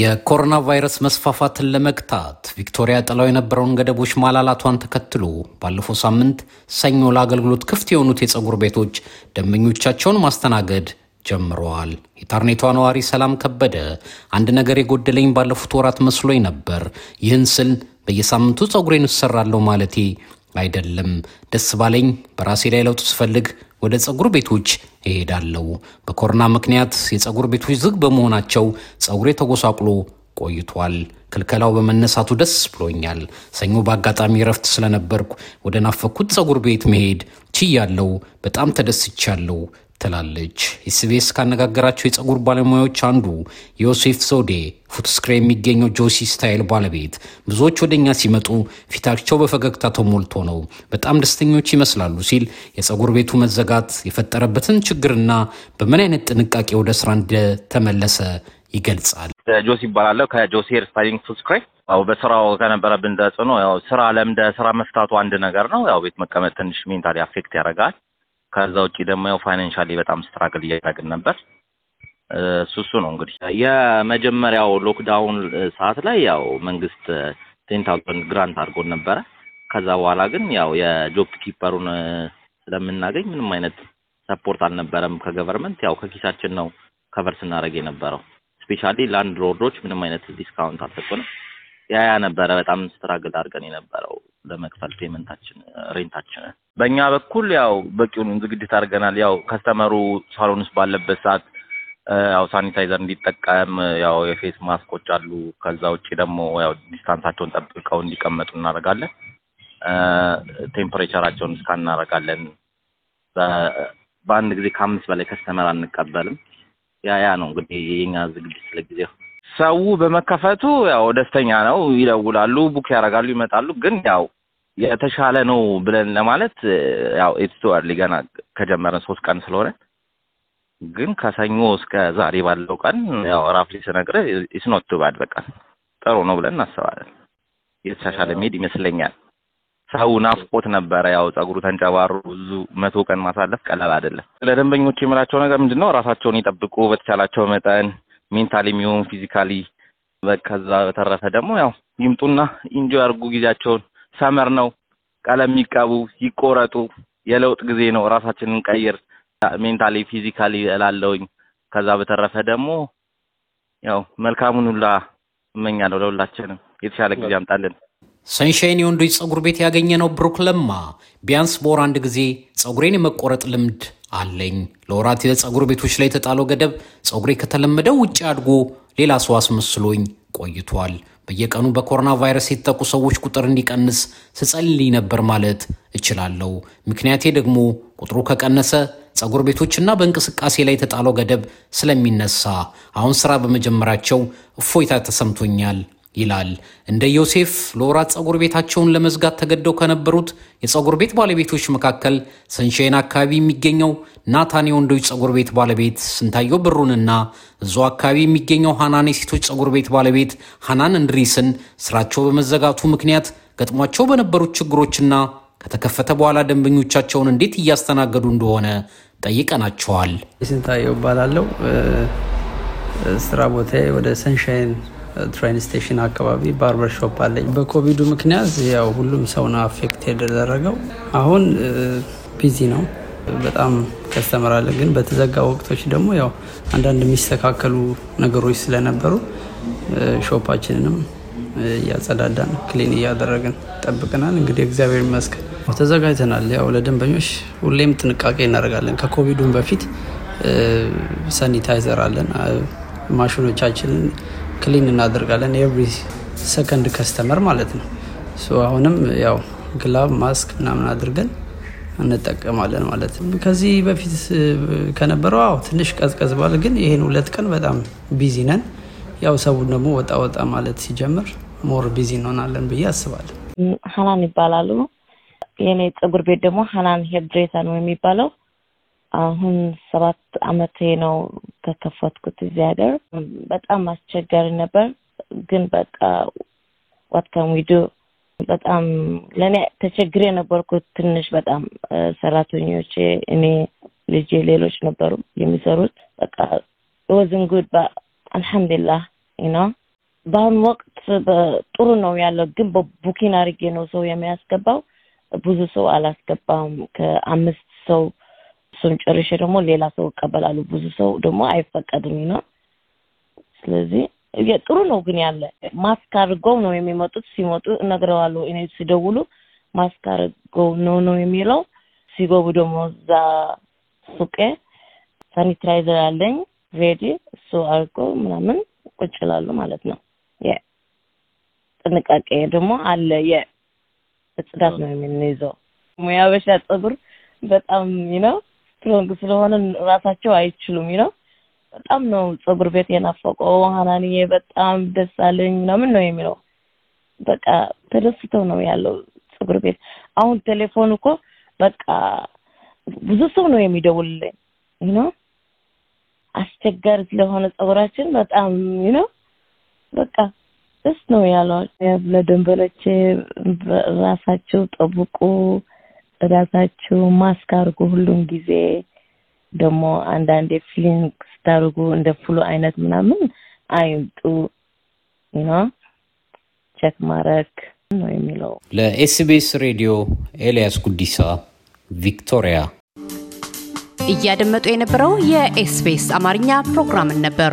የኮሮና ቫይረስ መስፋፋትን ለመግታት ቪክቶሪያ ጥላው የነበረውን ገደቦች ማላላቷን ተከትሎ ባለፈው ሳምንት ሰኞ ለአገልግሎት ክፍት የሆኑት የፀጉር ቤቶች ደንበኞቻቸውን ማስተናገድ ጀምረዋል። የታርኔቷ ነዋሪ ሰላም ከበደ አንድ ነገር የጎደለኝ ባለፉት ወራት መስሎኝ ነበር። ይህን ስል በየሳምንቱ ፀጉሬን እሰራለሁ ማለቴ አይደለም። ደስ ባለኝ በራሴ ላይ ለውጥ ስፈልግ ወደ ጸጉር ቤቶች እሄዳለሁ። በኮሮና ምክንያት የጸጉር ቤቶች ዝግ በመሆናቸው ጸጉሬ ተጎሳቁሎ ቆይቷል። ክልከላው በመነሳቱ ደስ ብሎኛል። ሰኞ በአጋጣሚ እረፍት ስለነበርኩ ወደ ናፈኩት ጸጉር ቤት መሄድ ችያለሁ። በጣም ተደስቻለሁ። ትላለች። ኢስቤስ ካነጋገራቸው የፀጉር ባለሙያዎች አንዱ ዮሴፍ ሶዴ ፉትስክሬ የሚገኘው ጆሲ ስታይል ባለቤት ብዙዎች ወደ እኛ ሲመጡ ፊታቸው በፈገግታ ተሞልቶ ነው፣ በጣም ደስተኞች ይመስላሉ ሲል የፀጉር ቤቱ መዘጋት የፈጠረበትን ችግርና በምን አይነት ጥንቃቄ ወደ ስራ እንደተመለሰ ይገልጻል። ጆሲ ይባላለሁ ከጆሲ ሄር ስታይሊንግ ፉትስክሬ። ያው በስራው ከነበረብን ተጽዕኖ ያው ስራ ለምደ ስራ መፍታቱ አንድ ነገር ነው። ያው ቤት መቀመጥ ትንሽ ሜንታሊ አፌክት ያደርጋል። ከዛ ውጭ ደግሞ ያው ፋይናንሻሊ በጣም ስትራግል እያደረግን ነበር። እሱሱ ነው እንግዲህ የመጀመሪያው ሎክዳውን ሰዓት ላይ ያው መንግስት ቴን ታውዘንድ ግራንት አድርጎን ነበረ። ከዛ በኋላ ግን ያው የጆብ ኪፐሩን ስለምናገኝ ምንም አይነት ሰፖርት አልነበረም ከገቨርመንት ያው ከኪሳችን ነው ከቨር ስናረግ የነበረው። ስፔሻሊ ላንድ ምንም አይነት ዲስካውንት አልሰጡንም። ያ ያ ነበረ በጣም ስትራግል አድርገን የነበረው ለመክፈል ፔመንታችን ሬንታችንን። በእኛ በኩል ያው በቂውን ዝግጅት አድርገናል። ያው ከስተመሩ ሳሎን ውስጥ ባለበት ሰዓት ያው ሳኒታይዘር እንዲጠቀም ያው የፌስ ማስኮች አሉ። ከዛ ውጭ ደግሞ ያው ዲስታንሳቸውን ጠብቀው እንዲቀመጡ እናደርጋለን። ቴምፕሬቸራቸውን እስካ እናደርጋለን። በአንድ ጊዜ ከአምስት በላይ ከስተመር አንቀበልም። ያ ያ ነው እንግዲህ የኛ ዝግጅት ለጊዜው። ሰው በመከፈቱ ያው ደስተኛ ነው። ይደውላሉ፣ ቡክ ያደርጋሉ፣ ይመጣሉ። ግን ያው የተሻለ ነው ብለን ለማለት ያው ኤትስዋርሊ ገና ከጀመረን ሶስት ቀን ስለሆነ ግን ከሰኞ እስከ ዛሬ ባለው ቀን ያው ራፍሊ ኖት ቱ ባድ በቃ ጥሩ ነው ብለን እናስባለን። የተሻሻለ መሄድ ይመስለኛል። ሰው ናፍቆት ነበረ። ያው ጸጉሩ ተንጨባሮ ብዙ መቶ ቀን ማሳለፍ ቀላል አይደለም። ለደንበኞች የምላቸው ነገር ምንድን ነው? ራሳቸውን ይጠብቁ በተቻላቸው መጠን ሜንታሊ የሚሆን ፊዚካሊ። ከዛ በተረፈ ደግሞ ያው ይምጡና ኢንጆይ አድርጉ ጊዜያቸውን ሰመር ነው። ቀለም ይቀቡ፣ ይቆረጡ። የለውጥ ጊዜ ነው። ራሳችንን እንቀይር፣ ሜንታሊ ፊዚካሊ እላለውኝ ከዛ በተረፈ ደግሞ ያው መልካሙን ሁላ እመኛለሁ ለሁላችንም የተሻለ ጊዜ አምጣልን። ሰንሻይን የወንዶች ጸጉር ቤት ያገኘ ነው ብሩክ ለማ። ቢያንስ በወር አንድ ጊዜ ጸጉሬን የመቆረጥ ልምድ አለኝ። ለወራት የጸጉር ቤቶች ላይ የተጣለው ገደብ ጸጉሬ ከተለመደው ውጭ አድጎ ሌላ ሰው አስመስሎኝ ቆይቷል። በየቀኑ በኮሮና ቫይረስ የተጠቁ ሰዎች ቁጥር እንዲቀንስ ስጸልይ ነበር ማለት እችላለሁ። ምክንያቴ ደግሞ ቁጥሩ ከቀነሰ ጸጉር ቤቶችና በእንቅስቃሴ ላይ የተጣለው ገደብ ስለሚነሳ አሁን ስራ በመጀመራቸው እፎይታ ተሰምቶኛል ይላል። እንደ ዮሴፍ ለወራት ጸጉር ቤታቸውን ለመዝጋት ተገደው ከነበሩት የጸጉር ቤት ባለቤቶች መካከል ሰንሻይን አካባቢ የሚገኘው ናታን የወንዶች ጸጉር ቤት ባለቤት ስንታየው ብሩንና እዛው አካባቢ የሚገኘው ሃናን የሴቶች ጸጉር ቤት ባለቤት ሃናን እንድሪስን ስራቸው በመዘጋቱ ምክንያት ገጥሟቸው በነበሩት ችግሮችና ከተከፈተ በኋላ ደንበኞቻቸውን እንዴት እያስተናገዱ እንደሆነ ጠይቀናቸዋል። ስንታየው እባላለሁ። ስራ ቦታ ወደ ሰንሻይን ትሬን ስቴሽን አካባቢ ባርበር ሾፕ አለኝ። በኮቪዱ ምክንያት ያው ሁሉም ሰው ነው አፌክት የተደረገው። አሁን ቢዚ ነው በጣም ከስተመር አለ። ግን በተዘጋ ወቅቶች ደግሞ ያው አንዳንድ የሚስተካከሉ ነገሮች ስለነበሩ ሾፓችንንም እያጸዳዳን ክሊን እያደረግን ጠብቅናል። እንግዲህ እግዚአብሔር ይመስገን ተዘጋጅተናል። ያው ለደንበኞች ሁሌም ጥንቃቄ እናደርጋለን። ከኮቪዱም በፊት ሰኒታይዘር አለን ማሽኖቻችንን ክሊን እናደርጋለን ኤቭሪ ሰከንድ ከስተመር ማለት ነው አሁንም ያው ግላብ ማስክ ምናምን አድርገን እንጠቀማለን ማለት ነው። ከዚህ በፊት ከነበረው አዎ ትንሽ ቀዝቀዝ ባለ ግን ይሄን ሁለት ቀን በጣም ቢዚ ነን። ያው ሰቡን ደግሞ ወጣ ወጣ ማለት ሲጀምር ሞር ቢዚ እንሆናለን ብዬ አስባለሁ። ሀናን ይባላሉ። የኔ ፀጉር ቤት ደግሞ ሀናን ሄር ነው የሚባለው። አሁን ሰባት አመት ነው ከከፈትኩት እዚህ ሀገር በጣም አስቸጋሪ ነበር። ግን በቃ ዋትካም ዊዶ በጣም ለእኔ ተቸግሬ ነበርኩት ትንሽ በጣም ሰራተኞቼ፣ እኔ ልጄ፣ ሌሎች ነበሩ የሚሰሩት በቃ ወዝን ጉድ አልሐምዱሊላህ ና በአሁኑ ወቅት ጥሩ ነው ያለው። ግን በቡኪን አድርጌ ነው ሰው የሚያስገባው። ብዙ ሰው አላስገባም። ከአምስት ሰው እሱን ጨርሼ ደግሞ ሌላ ሰው እቀበላለሁ። ብዙ ሰው ደግሞ አይፈቀድም ነው። ስለዚህ ጥሩ ነው ግን ያለ ማስክ አድርገው ነው የሚመጡት። ሲመጡ እነግረዋለሁ እኔ ሲደውሉ ማስክ አድርገው ነው ነው የሚለው። ሲገቡ ደግሞ እዛ ሱቄ ሳኒታይዘር አለኝ ሬዲ እሱ አድርገው ምናምን ቁጭ ይላሉ ማለት ነው። ጥንቃቄ ደግሞ አለ። የጽዳት ነው የምንይዘው በሻ ፀጉር በጣም ነው ስትሮንግ ስለሆነ ራሳቸው አይችሉም ይለው በጣም ነው ፀጉር ቤት የናፈቀው ሀናንዬ በጣም ደስ አለኝ ምናምን ነው የሚለው። በቃ ተደስተው ነው ያለው ፀጉር ቤት። አሁን ቴሌፎን እኮ በቃ ብዙ ሰው ነው የሚደውልልኝ። ይህ ነው አስቸጋሪ ስለሆነ ፀጉራችን በጣም ነው በቃ ደስ ነው ያለው። ለደንበሮቼ ራሳቸው ጠብቁ ራሳችሁ ማስክ አርጉ ሁሉም ጊዜ። ደግሞ አንዳንዴ ፊሊንግ ስታርጉ እንደ ፍሉ አይነት ምናምን አይምጡ ዩኖ ቸክ ማረክ ነው የሚለው። ለኤስቢኤስ ሬዲዮ ኤልያስ ጉዲሳ ቪክቶሪያ። እያደመጡ የነበረው የኤስቢኤስ አማርኛ ፕሮግራምን ነበር።